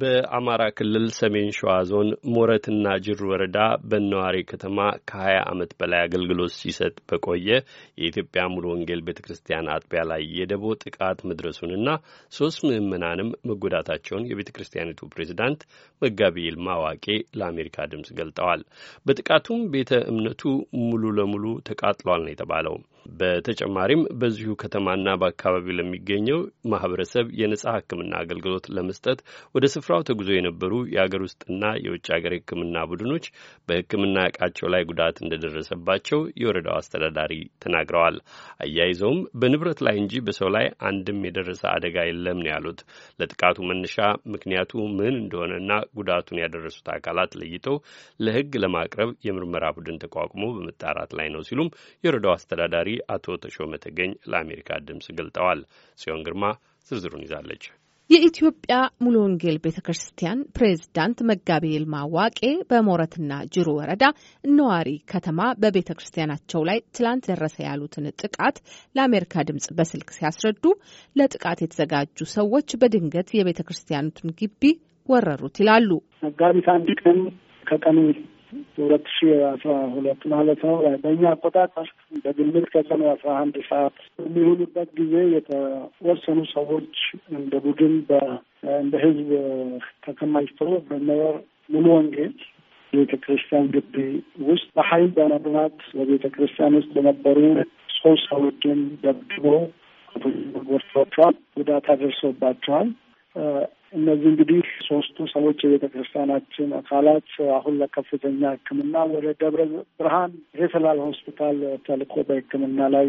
በአማራ ክልል ሰሜን ሸዋ ዞን ሞረትና ጅሩ ወረዳ በነዋሪ ከተማ ከ20 ዓመት በላይ አገልግሎት ሲሰጥ በቆየ የኢትዮጵያ ሙሉ ወንጌል ቤተ ክርስቲያን አጥቢያ ላይ የደቦ ጥቃት መድረሱንና ሶስት ምዕመናንም መጎዳታቸውን የቤተ ክርስቲያኒቱ ፕሬዚዳንት መጋቢ ይልማ ዋቄ ለአሜሪካ ድምፅ ገልጠዋል። በጥቃቱም ቤተ እምነቱ ሙሉ ለሙሉ ተቃጥሏል ነው የተባለው። በተጨማሪም በዚሁ ከተማና በአካባቢው ለሚገኘው ማህበረሰብ የነጻ ሕክምና አገልግሎት ለመስጠት ወደ ስፍራው ተጉዞ የነበሩ የአገር ውስጥና የውጭ ሀገር ሕክምና ቡድኖች በሕክምና እቃቸው ላይ ጉዳት እንደደረሰባቸው የወረዳው አስተዳዳሪ ተናግረዋል። አያይዘውም በንብረት ላይ እንጂ በሰው ላይ አንድም የደረሰ አደጋ የለም ነው ያሉት። ለጥቃቱ መነሻ ምክንያቱ ምን እንደሆነና ጉዳቱን ያደረሱት አካላት ለይተው ለሕግ ለማቅረብ የምርመራ ቡድን ተቋቁሞ በመጣራት ላይ ነው ሲሉም የወረዳው አስተዳዳሪ አቶ ተሾመ ተገኝ ለአሜሪካ ድምፅ ገልጠዋል። ጽዮን ግርማ ዝርዝሩን ይዛለች። የኢትዮጵያ ሙሉ ወንጌል ቤተ ክርስቲያን ፕሬዝዳንት መጋቤ ይልማ ዋቄ በሞረትና ጅሩ ወረዳ ነዋሪ ከተማ በቤተ ክርስቲያናቸው ላይ ትላንት ደረሰ ያሉትን ጥቃት ለአሜሪካ ድምጽ በስልክ ሲያስረዱ ለጥቃት የተዘጋጁ ሰዎች በድንገት የቤተ ክርስቲያኑትን ግቢ ወረሩት ይላሉ። መጋቢት አንድ ቀን ከቀኑ ሁለት ሺ አስራ ሁለት ማለት ነው። በእኛ አቆጣጠር በግምት ከቀኑ አስራ አንድ ሰዓት የሚሆኑበት ጊዜ የተወሰኑ ሰዎች እንደ ቡድን እንደ ህዝብ ተከማችቶ በመወር ሙሉ ወንጌል ቤተ ክርስቲያን ግቢ ውስጥ በሀይል በመግባት በቤተ ክርስቲያን ውስጥ የነበሩ ሶስት ሰዎችን ደብድቦ ጎድቷቸዋል። ጉዳት አደርሶባቸዋል። እነዚህ እንግዲህ ሶስቱ ሰዎች የቤተ ክርስቲያናችን አካላት አሁን ለከፍተኛ ሕክምና ወደ ደብረ ብርሃን ሬፈራል ሆስፒታል ተልኮ በሕክምና ላይ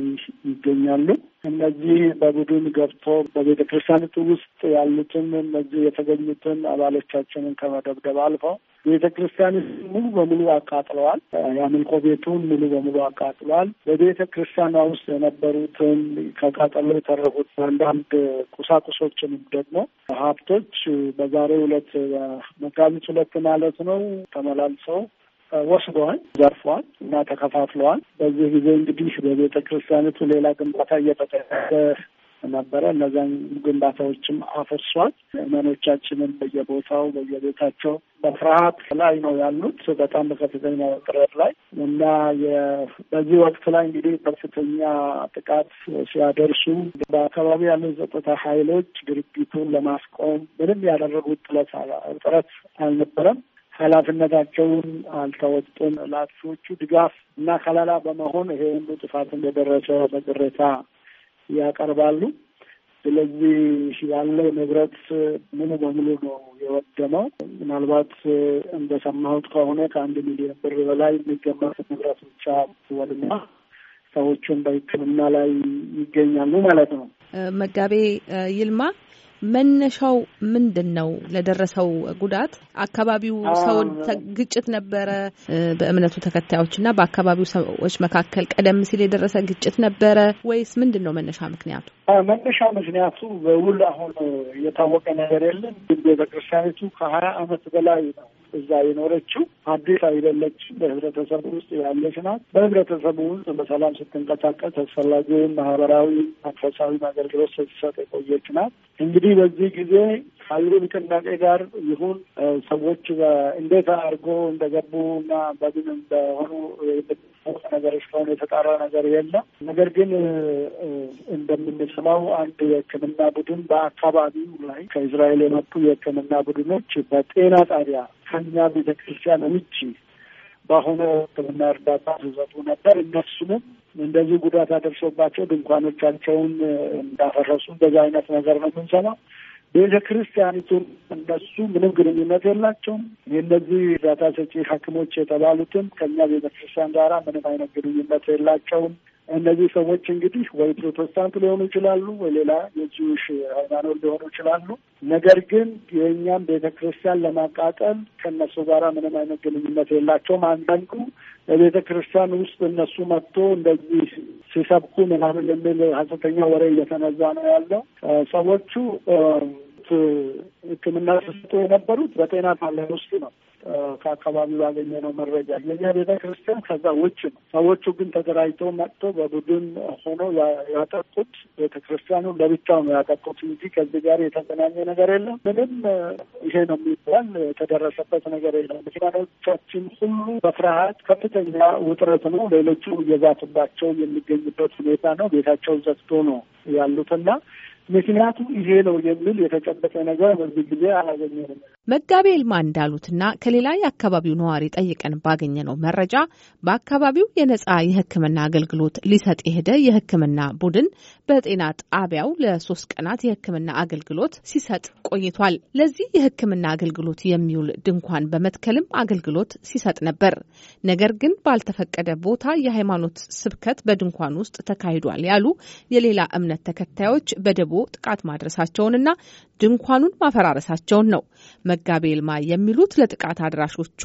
ይገኛሉ። እነዚህ በቡድን ገብቶ በቤተ ክርስቲያኒቱ ውስጥ ያሉትን እነዚህ የተገኙትን አባሎቻችንን ከመደብደብ አልፈው ቤተ ክርስቲያኒቱ ሙሉ በሙሉ አቃጥለዋል። የአምልኮ ቤቱን ሙሉ በሙሉ አቃጥሏል። በቤተ ክርስቲያኗ ውስጥ የነበሩትን ከቃጠሎ የተረፉት አንዳንድ ቁሳቁሶችንም ደግሞ ሀብቶች በዛሬ ሁለት መጋቢት ሁለት ማለት ነው ተመላልሰው ወስደዋል፣ ዘርፈዋል እና ተከፋፍለዋል። በዚህ ጊዜ እንግዲህ በቤተ ክርስቲያኒቱ ሌላ ግንባታ እየተጠቀ ነበረ። እነዚያን ግንባታዎችም አፈርሷል። ምዕመኖቻችንም በየቦታው በየቤታቸው በፍርሀት ላይ ነው ያሉት፣ በጣም በከፍተኛ ጥረት ላይ እና በዚህ ወቅት ላይ እንግዲህ ከፍተኛ ጥቃት ሲያደርሱ በአካባቢ ያሉ የጸጥታ ኃይሎች ድርጊቱን ለማስቆም ምንም ያደረጉት ጥረት አልነበረም። ኃላፊነታቸውን አልተወጡም። ለአጥፊዎቹ ድጋፍ እና ከለላ በመሆን ይሄ ሁሉ ጥፋት እንደደረሰ በቅሬታ ያቀርባሉ። ስለዚህ ያለው ንብረት ሙሉ በሙሉ ነው የወደመው። ምናልባት እንደሰማሁት ከሆነ ከአንድ ሚሊዮን ብር በላይ የሚገመት ንብረት ብቻ ወድማ ሰዎቹን በሕክምና ላይ ይገኛሉ ማለት ነው። መጋቤ ይልማ መነሻው ምንድን ነው? ለደረሰው ጉዳት አካባቢው ሰው ግጭት ነበረ። በእምነቱ ተከታዮች እና በአካባቢው ሰዎች መካከል ቀደም ሲል የደረሰ ግጭት ነበረ ወይስ ምንድን ነው መነሻ ምክንያቱ? መነሻ ምክንያቱ በውል አሁን የታወቀ ነገር የለም። ግን ቤተክርስቲያኒቱ ከሀያ አመት በላይ ነው እዛ የኖረችው አዲስ አይደለች። በህብረተሰቡ ውስጥ ያለች ናት። በህብረተሰቡ ውስጥ በሰላም ስትንቀሳቀስ አስፈላጊውን ማህበራዊ፣ መንፈሳዊ አገልግሎት ስትሰጥ የቆየች ናት። እንግዲህ በዚህ ጊዜ ከአይሩ ንቅናቄ ጋር ይሁን ሰዎች እንዴት አድርጎ እንደገቡ እና በምን እንደሆኑ ወቅት ነገር እስካሁን የተጣራ ነገር የለም። ነገር ግን እንደምንሰማው አንድ የሕክምና ቡድን በአካባቢው ላይ ከእስራኤል የመጡ የሕክምና ቡድኖች በጤና ጣቢያ ከኛ ቤተክርስቲያን እምቺ በሆነ ሕክምና እርዳታ ሲሰጡ ነበር። እነሱንም እንደዚህ ጉዳት አደርሶባቸው ድንኳኖቻቸውን እንዳፈረሱ እንደዚህ አይነት ነገር ነው የምንሰማው። ቤተ ክርስቲያኒቱን እነሱ ምንም ግንኙነት የላቸውም። እነዚህ እርዳታ ሰጪ ሐኪሞች የተባሉትም ከኛ ቤተ ክርስቲያን ጋራ ምንም አይነት ግንኙነት የላቸውም። እነዚህ ሰዎች እንግዲህ ወይ ፕሮቴስታንት ሊሆኑ ይችላሉ፣ ወይ ሌላ የጂውሽ ሃይማኖት ሊሆኑ ይችላሉ። ነገር ግን የእኛም ቤተ ክርስቲያን ለማቃጠል ከእነሱ ጋራ ምንም አይነት ግንኙነት የላቸውም። አንዳንዱ በቤተ ክርስቲያን ውስጥ እነሱ መጥቶ እንደዚህ ሲሰብኩ ምናምን የሚል ሀሰተኛ ወሬ እየተነዛ ነው ያለው። ሰዎቹ ሕክምና ሲሰጡ የነበሩት በጤና ጣቢያ ውስጥ ነው። ከአካባቢው ነው መረጃ የኛ ቤተ ክርስቲያን ከዛ ውጭ ነው። ሰዎቹ ግን ተደራጅተው መጥተው በቡድን ሆኖ ያጠቁት ቤተ ክርስቲያኑ ለብቻው ነው ያጠቁት እንጂ ከዚህ ጋር የተገናኘ ነገር የለም። ምንም ይሄ ነው የሚባል የተደረሰበት ነገር የለም። ምክንያቶቻችን ሁሉ በፍርሃት ከፍተኛ ውጥረት ነው። ሌሎቹ እየዛቱባቸው የሚገኝበት ሁኔታ ነው። ቤታቸው ዘግቶ ነው ያሉትና ምክንያቱ ይሄ ነው የሚል የተጨበጠ ነገር በዚህ ጊዜ አላገኘንም። መጋቤ ልማ እንዳሉትና ከሌላ የአካባቢው ነዋሪ ጠይቀን ባገኘነው መረጃ በአካባቢው የነፃ የሕክምና አገልግሎት ሊሰጥ የሄደ የሕክምና ቡድን በጤና ጣቢያው ለሶስት ቀናት የሕክምና አገልግሎት ሲሰጥ ቆይቷል። ለዚህ የሕክምና አገልግሎት የሚውል ድንኳን በመትከልም አገልግሎት ሲሰጥ ነበር። ነገር ግን ባልተፈቀደ ቦታ የሃይማኖት ስብከት በድንኳን ውስጥ ተካሂዷል ያሉ የሌላ እምነት ተከታዮች በደቦ ጥቃት ማድረሳቸውንና ድንኳኑን ማፈራረሳቸውን ነው። መጋቤ ልማ የሚሉት ለጥቃት አድራሾቹ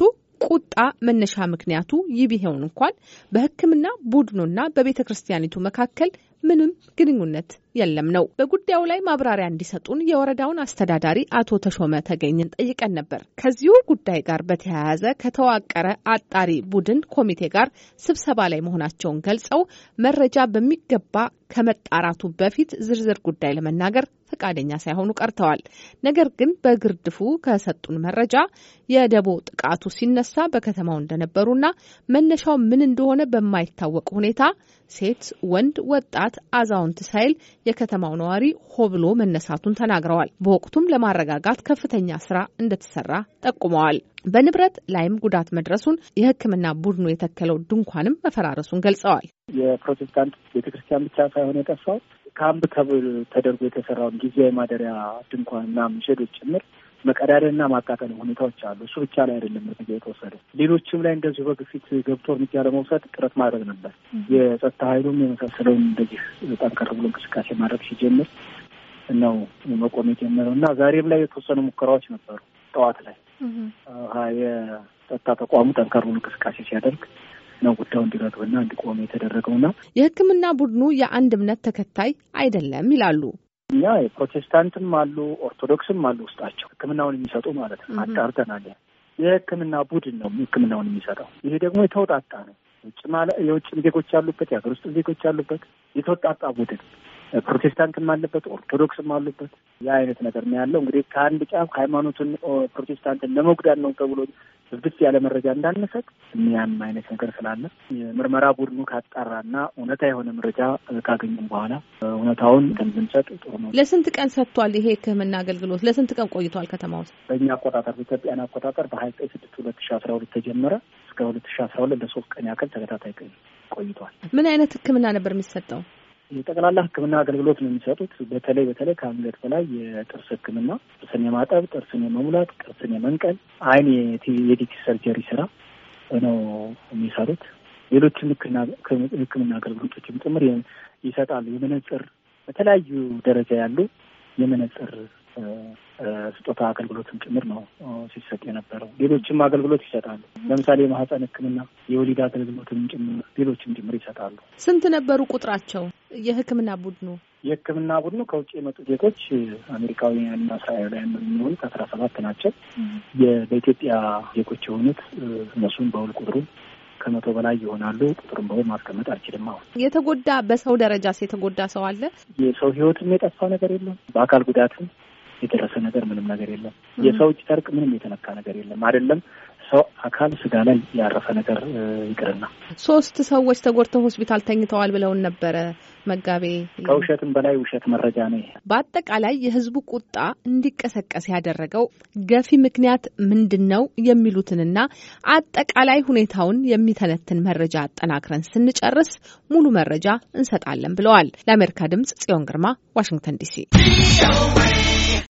ቁጣ መነሻ ምክንያቱ ይህ እንኳን በሕክምና ቡድኑና በቤተ ክርስቲያኒቱ መካከል ምንም ግንኙነት የለም ነው። በጉዳዩ ላይ ማብራሪያ እንዲሰጡን የወረዳውን አስተዳዳሪ አቶ ተሾመ ተገኝን ጠይቀን ነበር። ከዚሁ ጉዳይ ጋር በተያያዘ ከተዋቀረ አጣሪ ቡድን ኮሚቴ ጋር ስብሰባ ላይ መሆናቸውን ገልጸው መረጃ በሚገባ ከመጣራቱ በፊት ዝርዝር ጉዳይ ለመናገር ፈቃደኛ ሳይሆኑ ቀርተዋል። ነገር ግን በግርድፉ ከሰጡን መረጃ የደቦ ጥቃቱ ሲነሳ በከተማው እንደነበሩና መነሻው ምን እንደሆነ በማይታወቅ ሁኔታ ሴት፣ ወንድ፣ ወጣት፣ አዛውንት ሳይል የከተማው ነዋሪ ሆ ብሎ መነሳቱን ተናግረዋል። በወቅቱም ለማረጋጋት ከፍተኛ ስራ እንደተሰራ ጠቁመዋል። በንብረት ላይም ጉዳት መድረሱን የሕክምና ቡድኑ የተከለው ድንኳንም መፈራረሱን ገልጸዋል። የፕሮቴስታንት ቤተክርስቲያን ብቻ ሳይሆን የጠፋው ካምፕ ተብሎ ተደርጎ የተሰራውን ጊዜያዊ ማደሪያ ድንኳንና ምሸዶች ጭምር መቀዳደንና ማቃጠል ሁኔታዎች አሉ። እሱ ብቻ ላይ አይደለም እርምጃ የተወሰደ ሌሎችም ላይ እንደዚሁ በግፊት ገብቶ እርምጃ ለመውሰድ ጥረት ማድረግ ነበር። የጸጥታ ኃይሉም የመሳሰለውን እንደዚህ ጠንከር ብሎ እንቅስቃሴ ማድረግ ሲጀምር ነው መቆም የጀመረው እና ዛሬም ላይ የተወሰኑ ሙከራዎች ነበሩ። ጠዋት ላይ የጸጥታ ተቋሙ ጠንከር ብሎ እንቅስቃሴ ሲያደርግ ነው ጉዳዩ እንዲረግብና እንዲቆም የተደረገውና የሕክምና ቡድኑ የአንድ እምነት ተከታይ አይደለም ይላሉ እኛ የፕሮቴስታንትም አሉ ኦርቶዶክስም አሉ ውስጣቸው ህክምናውን የሚሰጡ ማለት ነው። አጣርተናል። የሕክምና ቡድን ነው ህክምናውን የሚሰጠው። ይሄ ደግሞ የተውጣጣ ነው። የውጭ ዜጎች ያሉበት፣ የሀገር ውስጥ ዜጎች ያሉበት የተውጣጣ ቡድን ፕሮቴስታንትም አለበት፣ ኦርቶዶክስም አሉበት። ያ አይነት ነገር ነው ያለው። እንግዲህ ከአንድ ጫፍ ሃይማኖትን ፕሮቴስታንትን ለመጉዳት ነው ተብሎ ስድስት ያለ መረጃ እንዳንሰጥ እኒያም አይነት ነገር ስላለ የምርመራ ቡድኑ ካጣራና እውነታ የሆነ መረጃ ካገኘም በኋላ እውነታውን ከምንሰጥ ጥሩ ነው። ለስንት ቀን ሰጥቷል? ይሄ ሕክምና አገልግሎት ለስንት ቀን ቆይቷል? ከተማ ውስጥ በእኛ አቆጣጠር በኢትዮጵያን አቆጣጠር በሀያ ዘጠኝ ስድስት ሁለት ሺ አስራ ሁለት ተጀመረ እስከ ሁለት ሺ አስራ ሁለት ለሶስት ቀን ያክል ተከታታይ ቀን ቆይቷል። ምን አይነት ሕክምና ነበር የሚሰጠው? የጠቅላላ ሕክምና አገልግሎት ነው የሚሰጡት። በተለይ በተለይ ከአንገት በላይ የጥርስ ሕክምና ጥርስን የማጠብ፣ ጥርስን የመሙላት፣ ጥርስን የመንቀል፣ አይን የዲቲ ሰርጀሪ ስራ ነው የሚሰሩት። ሌሎችም ሕክምና አገልግሎቶችም ጭምር ይሰጣሉ። የመነጽር በተለያዩ ደረጃ ያሉ የመነጽር ስጦታ አገልግሎትም ጭምር ነው ሲሰጥ የነበረው። ሌሎችም አገልግሎት ይሰጣሉ። ለምሳሌ የማህፀን ህክምና፣ የወሊድ አገልግሎትም ጭምር ሌሎችም ጭምር ይሰጣሉ። ስንት ነበሩ ቁጥራቸው? የህክምና ቡድኑ የህክምና ቡድኑ ከውጭ የመጡ ዜጎች አሜሪካውያንና እስራኤላውያን የሚሆኑት አስራ ሰባት ናቸው። በኢትዮጵያ ዜጎች የሆኑት እነሱን በውል ቁጥሩ ከመቶ በላይ ይሆናሉ። ቁጥሩን በውል ማስቀመጥ አልችልም። አሁን የተጎዳ በሰው ደረጃ የተጎዳ ሰው አለ? የሰው ህይወትም የጠፋ ነገር የለም። በአካል ጉዳትም የደረሰ ነገር ምንም ነገር የለም። የሰው ጭ ጨርቅ ምንም የተነካ ነገር የለም። አይደለም ሰው አካል ስጋ ላይ ያረፈ ነገር ይቅርና ሶስት ሰዎች ተጎድተው ሆስፒታል ተኝተዋል ብለውን ነበረ መጋቤ። ከውሸትም በላይ ውሸት መረጃ ነው። በአጠቃላይ የህዝቡ ቁጣ እንዲቀሰቀስ ያደረገው ገፊ ምክንያት ምንድን ነው የሚሉትንና አጠቃላይ ሁኔታውን የሚተነትን መረጃ አጠናክረን ስንጨርስ ሙሉ መረጃ እንሰጣለን ብለዋል። ለአሜሪካ ድምጽ ጽዮን ግርማ ዋሽንግተን ዲሲ